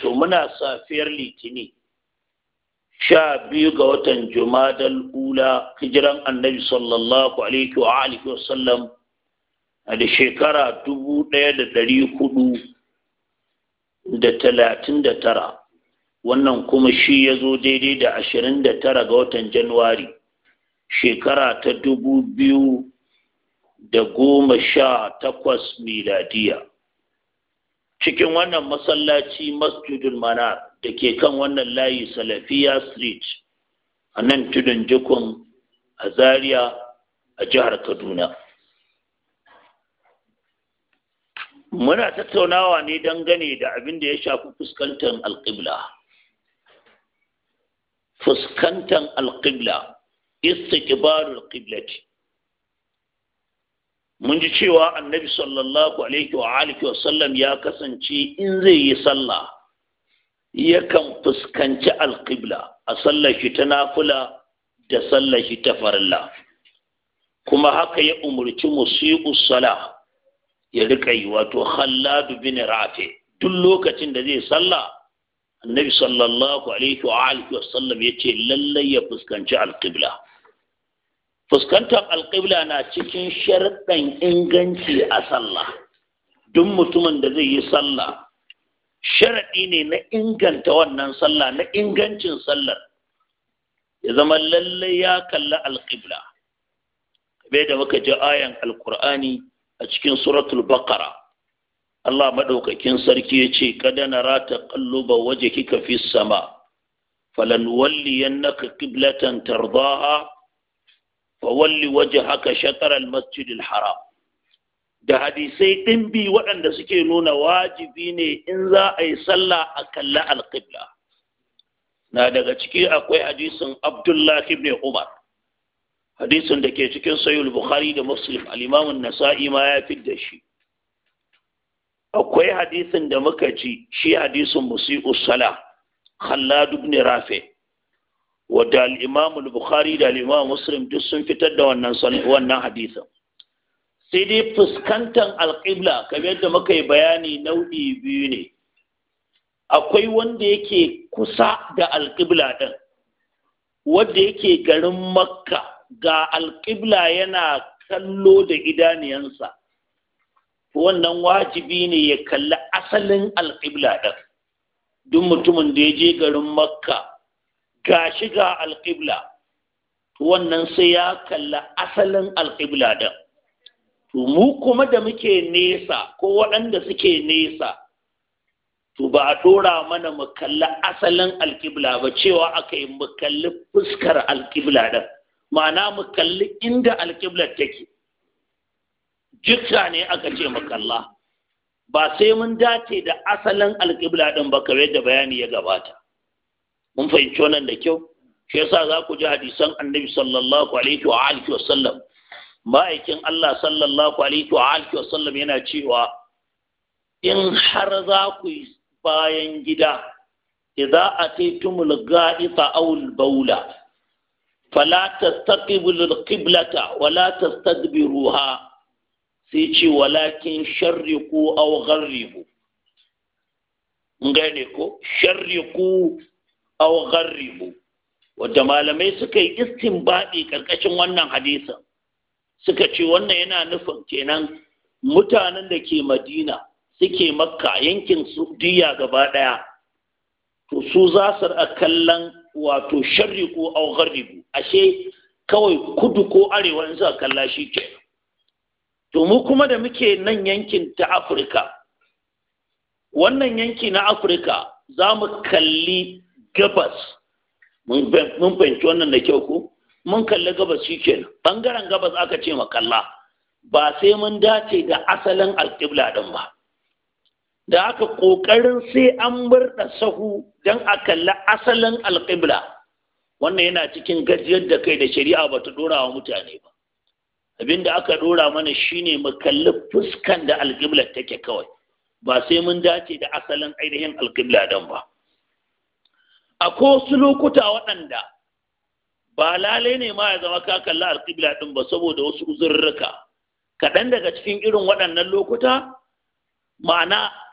to muna safiyar litini sha biyu ga watan jumadal ula hijiran annabi sallallahu alaihi wa alihi wa sallam da shekara dubu ɗaya da ɗari hudu da talatin da tara wannan kuma shi ya zo daidai da ashirin da tara ga watan januwari shekara ta dubu biyu da goma sha takwas miladiya cikin wannan masallaci masjidul mana da ke kan wannan layi salafiya street a nan tudun jikun a zaria a jihar kaduna muna tattaunawa ne dangane da abin da ya shafi fuskantar alƙibla fuskantar alƙibla istiqbarul qiblati mun ji cewa annabi sallallahu alaihi wa alihi wa sallam ya kasance in zai yi sallah yakan fuskanci alƙibla a sallar shi ta nafila da sallar shi ta farilla kuma haka ya umarci musi'u sala ya riƙa yi wato halladu bin rafi duk lokacin da zai sallah annabi sallallahu alaihi wa alihi wa sallam yace lallai ya fuskanci alƙibla fuskantar alƙibla na cikin sharɗan inganci a sallah duk mutumin da zai yi sallah sharaɗi ne na inganta wannan sallah na ingancin sallar ya zama lallai ya kalla alƙibla bai da muka ji ayan alƙur'ani a cikin suratul baqara Allah maɗaukakin sarki ya ce kada na rata kalluba waje kika fi sama falan walli yannaka kiblatan tardaha fawalli waje haka shatarar masjidil haram da hadisai ɗin biyu waɗanda suke nuna wajibi ne in za a yi sallah a kalla alƙibla na daga ciki akwai hadisin abdullahi ibn umar hadisin da ke cikin sayul bukhari da muslim alimamin nasa'i ma ya fi da shi akwai hadisin da muka ci shi hadisin musi'us sala khallad ibn rafi' wadda al bukhari da al duk sun fitar da wannan hadisan sai dai fuskantar alƙibla kamar yadda muka yi bayani nau'i biyu ne akwai wanda yake kusa da alƙibla ɗin wanda yake garin makka ga alƙibla yana kallo da idaniyansa wannan wajibi ne ya kalli asalin alƙibla ɗin duk mutumin da ya je garin makka ga shi ga alƙibla wannan sai ya kalla asalin alƙibla da to mu kuma da muke nesa ko waɗanda suke nesa to ba a mana mu kalla asalin alƙibla ba cewa aka yi mu kalli fuskar alƙibla da ma'ana mu kalli inda alƙibla take jikka ne aka ce mu kalla ba sai mun dace da asalin alƙibla ɗin ba kawai da bayani ya gabata kun fahimci wannan da kyau shi yasa za ku ji hadisan annabi sallallahu alaihi wa alihi wasallam ma'aikin Allah sallallahu alaihi wa alihi wasallam yana cewa in har za ku yi bayan gida idza al ga'ita aw al bawla fala al qiblata la tastadbiruha sai ce walakin sharriku aw gharribu ngane ko sharriku aw gharibu wadda malamai suka yi istinbadi karkashin wannan hadisin suka ce wannan yana nufin kenan mutanen da ke madina suke makka yankin diya gaba daya to su za su a kallon wato sharri ko aw gharibu ashe kawai kudu ko arewa in suka kalla shi ke to mu kuma da muke nan yankin ta afirka wannan yanki na afirka za mu kalli gabas mun fahimci wannan da kyau ko mun kalli gabas shi kenan bangaren gabas aka ce ma kalla ba sai mun dace da asalin alƙibla ɗin ba da aka ƙoƙarin sai an murɗa sahu don a kalli asalin alƙibla wannan yana cikin gajiyar da kai da shari'a ba ta ɗora wa mutane ba abin da aka ɗora mana shine mu kalli fuskan da alƙiblar take kawai ba sai mun dace da asalin ainihin alƙibla ɗin ba akwai wasu lokuta waɗanda ba lalai ne ma ya zama ka kalli alƙibla ɗin ba saboda wasu uzurruka kaɗan daga cikin irin waɗannan lokuta ma'ana